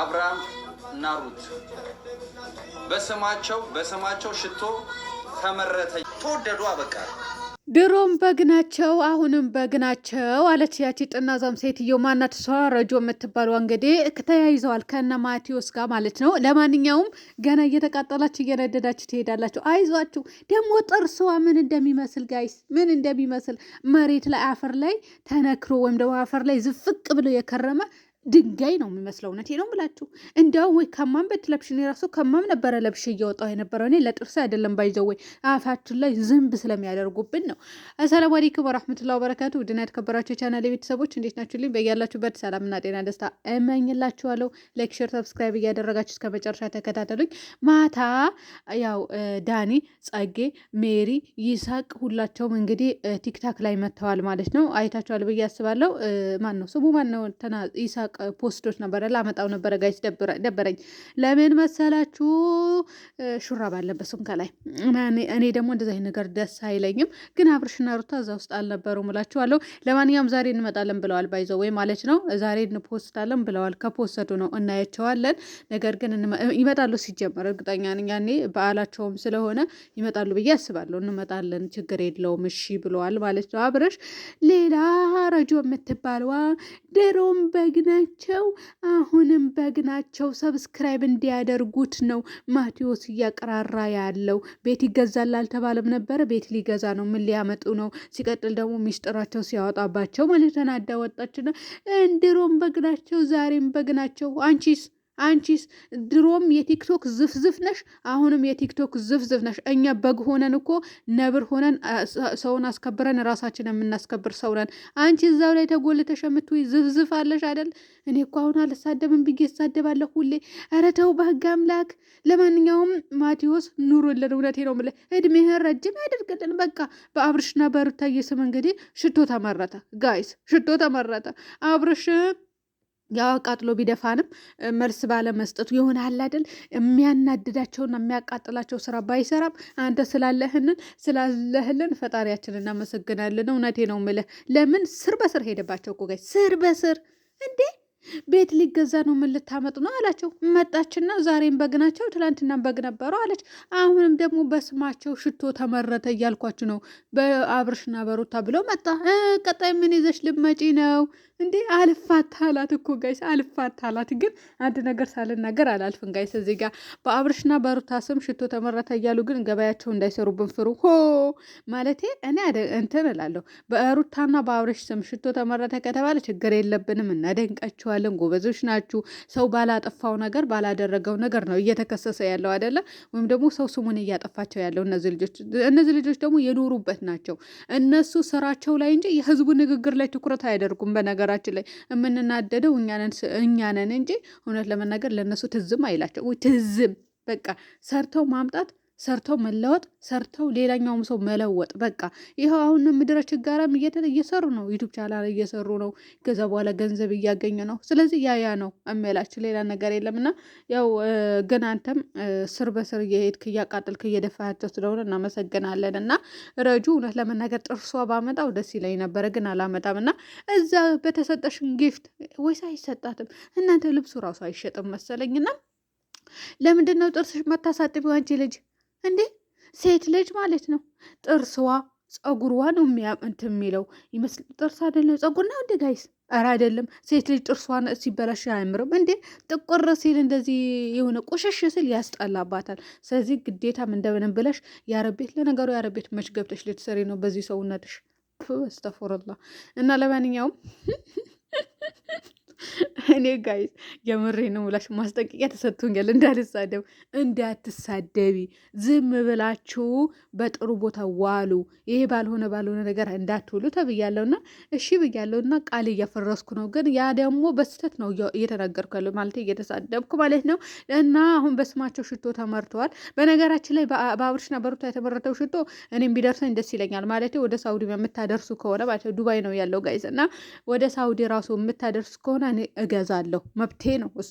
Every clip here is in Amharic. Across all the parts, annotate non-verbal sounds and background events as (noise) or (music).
አብርሃም እና ሩት በስማቸው በስማቸው ሽቶ ተመረተ። ተወደዱ አበቃ። ድሮም በግናቸው አሁንም በግናቸው አለች ያቺ ጥናዛም ሴትዮ ማናት? እሷ ረጆ የምትባለው እንግዲህ ተያይዘዋል ከነ ማቴዎስ ጋር ማለት ነው። ለማንኛውም ገና እየተቃጠላችሁ እየነደዳችሁ ትሄዳላችሁ። አይዟችሁ። ደግሞ ጥርስዋ ምን እንደሚመስል ጋይስ፣ ምን እንደሚመስል መሬት ላይ አፈር ላይ ተነክሮ ወይም ደግሞ አፈር ላይ ዝፍቅ ብሎ የከረመ ድንጋይ ነው የሚመስለው። እውነቴ ነው ብላችሁ እንዲያው ወይ ከማም ለብሽ፣ እኔ ራሱ ከማም ነበረ ለብሽ እየወጣው የነበረው እኔ ለጥርሴ አይደለም ባይዘው ወይ አፋችን ላይ ዝንብ ስለሚያደርጉብን ነው። አሰላሙ አለይኩም ወራህመቱላሂ ወበረካቱ። ውድና የተከበራችሁ የቻናሌ ቤተሰቦች እንዴት ናችሁ? ናችሁልኝ? በያላችሁበት ሰላምና ጤና ደስታ እመኝላችኋለሁ። ላይክ፣ ሼር፣ ሰብስክራይብ እያደረጋችሁ እስከ መጨረሻ ተከታተሉኝ። ማታ ያው ዳኒ፣ ጸጌ፣ ሜሪ፣ ይሳቅ ሁላቸውም እንግዲህ ቲክታክ ላይ መጥተዋል ማለት ነው። አይታችኋል ብዬ አስባለሁ። ማን ነው ስሙ? ማን ነው ይሳቅ ፖስቶች ነበረ ላመጣው ነበረ ጋይስ፣ ደበረኝ። ለምን መሰላችሁ? ሹራብ አለበሱም ከላይ። እኔ ደግሞ እንደዚህ ነገር ደስ አይለኝም። ግን አብርሽና ሩታ እዛ ውስጥ አልነበሩ እላችኋለሁ። ለማንኛውም ዛሬ እንመጣለን ብለዋል። ባይዘ ወይ ማለት ነው ዛሬ እንፖስታለን ብለዋል። ከፖሰዱ ነው እናያቸዋለን። ነገር ግን ይመጣሉ ሲጀመር እርግጠኛ ነኝ። ያኔ በዓላቸውም ስለሆነ ይመጣሉ ብዬ አስባለሁ። እንመጣለን፣ ችግር የለውም እሺ ብለዋል ማለት ነው አብርሽ። ሌላ ረጆ የምትባልዋ ድሮም በግነ ናቸው። አሁንም በግ ናቸው። ሰብስክራይብ እንዲያደርጉት ነው ማቴዎስ እያቀራራ ያለው። ቤት ይገዛል አልተባለም ነበረ። ቤት ሊገዛ ነው። ምን ሊያመጡ ነው? ሲቀጥል ደግሞ ሚስጥራቸው ሲያወጣባቸው ማለት ተናዳ ወጣችና፣ እንድሮም በግ ናቸው፣ ዛሬም በግ ናቸው። አንቺስ አንቺስ ድሮም የቲክቶክ ዝፍዝፍ ነሽ፣ አሁንም የቲክቶክ ዝፍዝፍ ነሽ። እኛ በግ ሆነን እኮ ነብር ሆነን ሰውን አስከብረን ራሳችን የምናስከብር ሰው ነን። አንቺ እዛው ላይ ተጎልተሽ የምትውይ ዝፍዝፍ አለሽ አይደል? እኔ እኮ አሁን አልሳደብም ብዬ እሳደባለሁ ሁሌ። ኧረ ተው በህግ አምላክ። ለማንኛውም ማቴዎስ ኑሮልን፣ እውነቴ ነው የምልህ። እድሜህን ረጅም ያደርግልን። በቃ በአብርሽና በሩታዬ ስም እንግዲህ ሽቶ ተመረተ፣ ጋይስ ሽቶ ተመረተ አብርሽ ያው አቃጥሎ ቢደፋንም መልስ ባለመስጠቱ የሆነ አለ የሚያናድዳቸውና የሚያቃጥላቸው ስራ ባይሰራም አንተ ስላለህንን ስላለህልን ፈጣሪያችን እናመሰግናለን። እውነቴ ነው ምልህ። ለምን ስር በስር ሄደባቸው እኮ ጋይ ስር በስር እንዴ ቤት ሊገዛ ነው። ምን ልታመጡ ነው አላቸው። መጣችና ዛሬም በግ ናቸው፣ ትላንትናም በግ ነበሩ አለች። አሁንም ደግሞ በስማቸው ሽቶ ተመረተ እያልኳችሁ ነው። በአብርሽና በሩታ ብለው መጣ። ቀጣይ ምን ይዘሽ ልመጪ ነው እንዴ? አልፋት እኮ ጋይስ፣ አልፋት ግን አንድ ነገር ሳልናገር አላልፍን ጋይስ። እዚህ ጋር በአብርሽና በሩታ ስም ሽቶ ተመረተ እያሉ ግን ገበያቸው እንዳይሰሩብን ፍሩ። ሆ ማለቴ እኔ እንትን እላለሁ። በሩታና በአብርሽ ስም ሽቶ ተመረተ ከተባለ ችግር የለብንም፣ እናደንቃቸው እናያችኋለን፣ ጎበዞች ናችሁ። ሰው ባላጠፋው ነገር ባላደረገው ነገር ነው እየተከሰሰ ያለው አይደለ? ወይም ደግሞ ሰው ስሙን እያጠፋቸው ያለው እነዚህ ልጆች እነዚህ ልጆች ደግሞ የኖሩበት ናቸው። እነሱ ስራቸው ላይ እንጂ የህዝቡ ንግግር ላይ ትኩረት አያደርጉም። በነገራችን ላይ የምንናደደው እኛነን እንጂ እውነት ለመናገር ለእነሱ ትዝም አይላቸው ትዝም በቃ ሰርተው ማምጣት ሰርተው መለወጥ ሰርተው ሌላኛውም ሰው መለወጥ። በቃ ይኸው አሁን ምድረ ችጋራም እየተ እየሰሩ ነው፣ ዩቱብ ቻናል እየሰሩ ነው። ከዛ በኋላ ገንዘብ እያገኘ ነው። ስለዚህ ያ ያ ነው እሚላችሁ ሌላ ነገር የለም። እና ያው ግን አንተም ስር በስር እየሄድክ እያቃጠልክ እየደፋቸው ስለሆነ እናመሰግናለን። እና ረጁ እውነት ለመናገር ጥርሷ ባመጣው ደስ ይለኝ ነበረ፣ ግን አላመጣም። እና እዛ በተሰጠሽን ጊፍት ወይስ አይሰጣትም? እናንተ ልብሱ ራሱ አይሸጥም መሰለኝና ለምንድን ነው ጥርስሽ መታሳጥቢው አንቺ ልጅ? እንዴ ሴት ልጅ ማለት ነው ጥርስዋ ፀጉርዋ ነው እንትን የሚለው ይመስል ጥርስ አይደለም ፀጉር ነው እንዴ ጋይስ? ኧረ አይደለም። ሴት ልጅ ጥርሷን ሲበላሽ አያምርም እንዴ? ጥቁር ሲል እንደዚህ የሆነ ቁሽሽ ሲል ያስጠላባታል። ስለዚህ ግዴታም እንደምንም ብለሽ ያረቤት ለነገሩ ያረቤት መች ገብተሽ ልትሰሪ ነው በዚህ ሰውነትሽ? አስተፈረላ እና ለማንኛውም (laughs) እኔ ጋይ የምሬ ነው ሙላሽ ማስጠንቀቂያ ተሰጥቶኛል። እንዳልሳደብ እንዳትሳደቢ፣ ዝም ብላችሁ በጥሩ ቦታ ዋሉ፣ ይሄ ባልሆነ ባልሆነ ነገር እንዳትውሉ ተብያለሁና እሺ ብያለሁና ቃል እያፈረስኩ ነው። ግን ያ ደግሞ በስተት ነው እየተናገርኩ ያለው ማለት እየተሳደብኩ ማለት ነው። እና አሁን በስማቸው ሽቶ ተመርተዋል። በነገራችን ላይ በአብርሽና በሩታ የተመረተው ሽቶ እኔም ቢደርሰኝ ደስ ይለኛል ማለት ወደ ሳውዲ የምታደርሱ ከሆነ ማለት ዱባይ ነው ያለው ጋይዝ እና ወደ ሳውዲ ራሱ የምታደርሱ ከሆነ እኔ እገዛለሁ። መብቴ ነው እሱ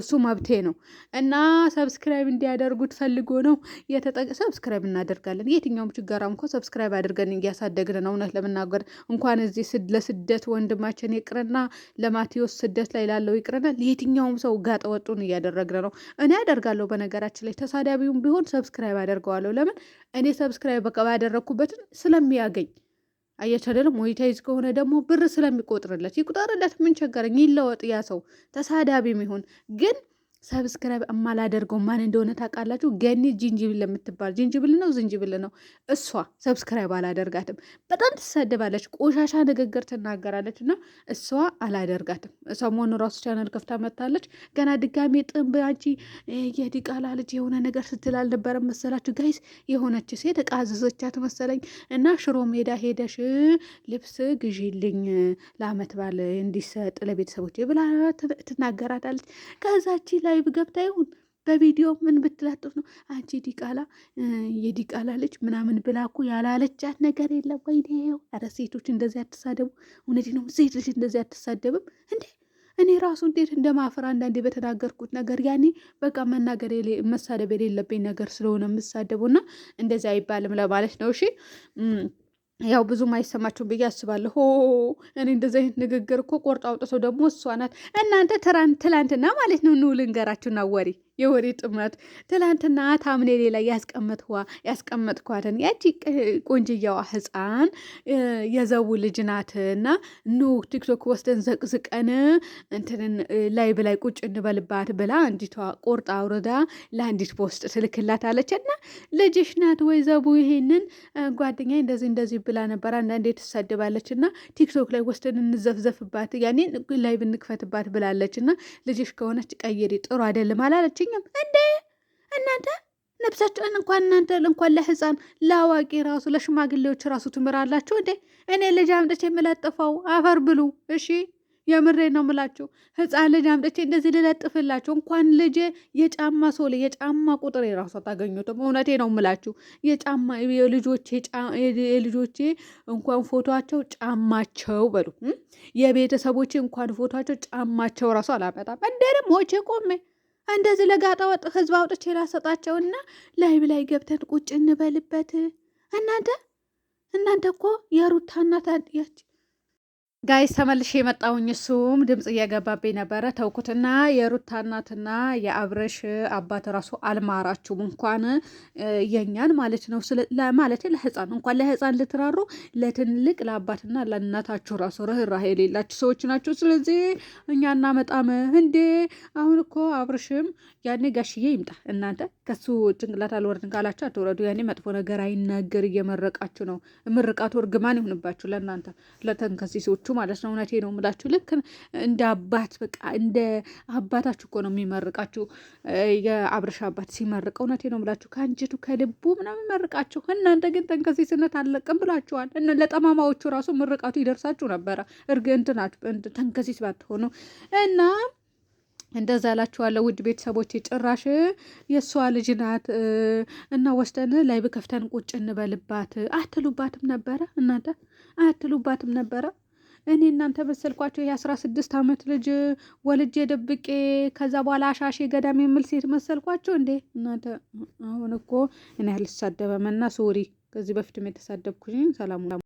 እሱ መብቴ ነው። እና ሰብስክራይብ እንዲያደርጉት ፈልጎ ነው ሰብስክራይብ እናደርጋለን። የትኛውም ችጋራም እኮ ሰብስክራይብ አድርገን እያሳደግን ነው። እውነት ለመናገር እንኳን እዚህ ለስደት ወንድማችን ይቅርና ለማቴዎስ ስደት ላይ ላለው ይቅርና የትኛውም ሰው ጋጠ ወጡን እያደረግን ነው። እኔ አደርጋለሁ። በነገራችን ላይ ተሳዳቢውም ቢሆን ሰብስክራይብ አደርገዋለሁ። ለምን እኔ ሰብስክራይብ በቀባ ያደረግኩበትን ስለሚያገኝ አያችሁ አይደለም? ሞኒታይዝ ከሆነ ደግሞ ብር ስለሚቆጥርለት ይቁጠርለት፣ ምን ቸገረኝ፣ ይለወጥ። ያ ሰው ተሳዳቢም ይሁን ግን ሰብስክራይብ የማላደርገው ማን እንደሆነ ታውቃላችሁ? ገኒ ጅንጅብል የምትባል ጅንጅብል ነው ዝንጅብል ነው እሷ። ሰብስክራይብ አላደርጋትም። በጣም ትሳደባለች፣ ቆሻሻ ንግግር ትናገራለች እና እሷ አላደርጋትም። ሰሞኑ ራሱ ቻናል ከፍታ መታለች። ገና ድጋሚ ጥንብ አንቺ የዲቃላ ልጅ የሆነ ነገር ስትል አልነበረ መሰላችሁ ጋይስ? የሆነች ሴት እቃ አዘዘቻት መሰለኝ እና ሽሮ ሜዳ ሄደሽ ልብስ ግዢልኝ ለአመት ባል እንዲሰጥ ለቤተሰቦች ብላ ትናገራታለች። ከዛች ላይቭ ገብታ ይሁን በቪዲዮ ምን ብትላጥፍ ነው አንቺ ዲቃላ የዲቃላ ልጅ ምናምን ብላኩ ያላለቻት ነገር የለም ወይ? ይኸው ኧረ ሴቶች እንደዚህ አትሳደቡ። እውነቴ ነው፣ ሴት ልጅ እንደዚህ አትሳደብም እንዴ! እኔ ራሱ እንዴት እንደማፈር አንዳንዴ በተናገርኩት ነገር ያኔ በቃ መናገር መሳደብ የሌለብኝ ነገር ስለሆነ የምሳደቡና እንደዚህ አይባልም ለማለት ነው። እሺ ያው ብዙም አይሰማችሁም ብዬ አስባለሁ። ሆ እኔ እንደዚህ አይነት ንግግር እኮ ቆርጦ አውጥቶ ደግሞ እሷ ናት። እናንተ ትላንትና ማለት ነው ኑ ወሬ የወሬ ጥምረት ትላንትና ታምኔሌ ላይ ያስቀመጥኳ ያስቀመጥኳትን ያቺ ቆንጅያዋ ህፃን የዘቡ ልጅ ናት እና ኑ ቲክቶክ ወስደን ዘቅዝቀን እንትንን ላይ ብላይ ቁጭ እንበልባት ብላ አንዲቷ ቆርጣ አውርዳ ለአንዲት ፖስጥ ትልክላት አለች እና ልጅሽ ናት ወይ ዘቡ ይሄንን ጓደኛ እንደዚህ እንደዚህ ብላ ነበር አንዳንዴ ትሳድባለች እና ቲክቶክ ላይ ወስደን እንዘፍዘፍባት ያኔ ላይ ብንክፈትባት ብላለች እና ልጅሽ ከሆነች ቀይሪ ጥሩ አይደለም አላለች። አልተገኘም እንዴ እናንተ ነብሳቸውን እንኳን እናንተ እንኳን ለህፃን ለአዋቂ ራሱ ለሽማግሌዎች ራሱ ትምራላችሁ እንዴ? እኔ ልጅ አምጥቼ የምለጥፈው አፈር ብሉ። እሺ የምሬ ነው የምላችሁ። ህፃን ልጅ አምጥቼ እንደዚህ ልለጥፍላችሁ እንኳን ልጅ የጫማ ሶሌ የጫማ ቁጥር የራሱ አታገኙትም። እውነቴ ነው ምላችሁ። የጫማ የልጆቼ እንኳን ፎቶቸው ጫማቸው በሉ የቤተሰቦቼ እንኳን ፎቶቸው ጫማቸው ራሱ አላመጣም እንዴ ደግሞ ቼ ቆሜ እንደዚህ ለጋጣ ወጥ ህዝብ አውጥቼ ላሰጣቸውና ላይብ ላይ ገብተን ቁጭ እንበልበት። እናንተ እናንተ እኮ የሩታ እናት ጋይስ ተመልሼ የመጣውኝ እሱም ድምፅ እየገባብኝ ነበረ ተውኩትና፣ የሩታ እናትና የአብረሽ አባት ራሱ አልማራችሁም እንኳን የኛን ማለት ነው ማለት ለህፃን እንኳን ለህፃን ልትራሩ ለትልቅ ለአባትና ለእናታችሁ ራሱ ርኅራኄ የሌላችሁ ሰዎች ናችሁ። ስለዚህ እኛ እናመጣም እንዴ? አሁን እኮ አብረሽም ያኔ ጋሽዬ ይምጣ እናንተ ከሱ ጭንቅላት አልወርድን ካላችሁ አትወረዱ። ያኔ መጥፎ ነገር አይናገር እየመረቃችሁ ነው። ምርቃቱ እርግማን ይሁንባችሁ ለእናንተ ለተንከሲሶች መርቃችሁ ማለት ነው። እውነቴ ነው የምላችሁ። ልክ እንደ አባት በቃ እንደ አባታችሁ እኮ ነው የሚመርቃችሁ። የአብረሻ አባት ሲመርቅ እውነቴ ነው የምላችሁ ከአንጀቱ ከልቡ ምናምን መርቃችሁ፣ እናንተ ግን ተንከሲስነት አለቅም ብላችኋል። ለጠማማዎቹ ራሱ ምርቃቱ ይደርሳችሁ ነበረ እርግ ተንከሲስ ባትሆኑ እና እንደዛ እላችኋለሁ ውድ ቤተሰቦች። ጭራሽ የእሷ ልጅ ናት እና ወስደን ላይብ ከፍተን ቁጭ እንበልባት አትሉባትም ነበረ እናንተ አትሉባትም ነበረ። እኔ እናንተ በሰልኳቸው የአስራ ስድስት ዓመት ልጅ ወልጄ ደብቄ ከዛ በኋላ አሻሼ ገዳም የምል ሴት መሰልኳቸው እንዴ እናንተ። አሁን እኮ እኔ አልሳደበምና ሶሪ፣ ከዚህ በፊትም የተሳደብኩኝ ሰላሙ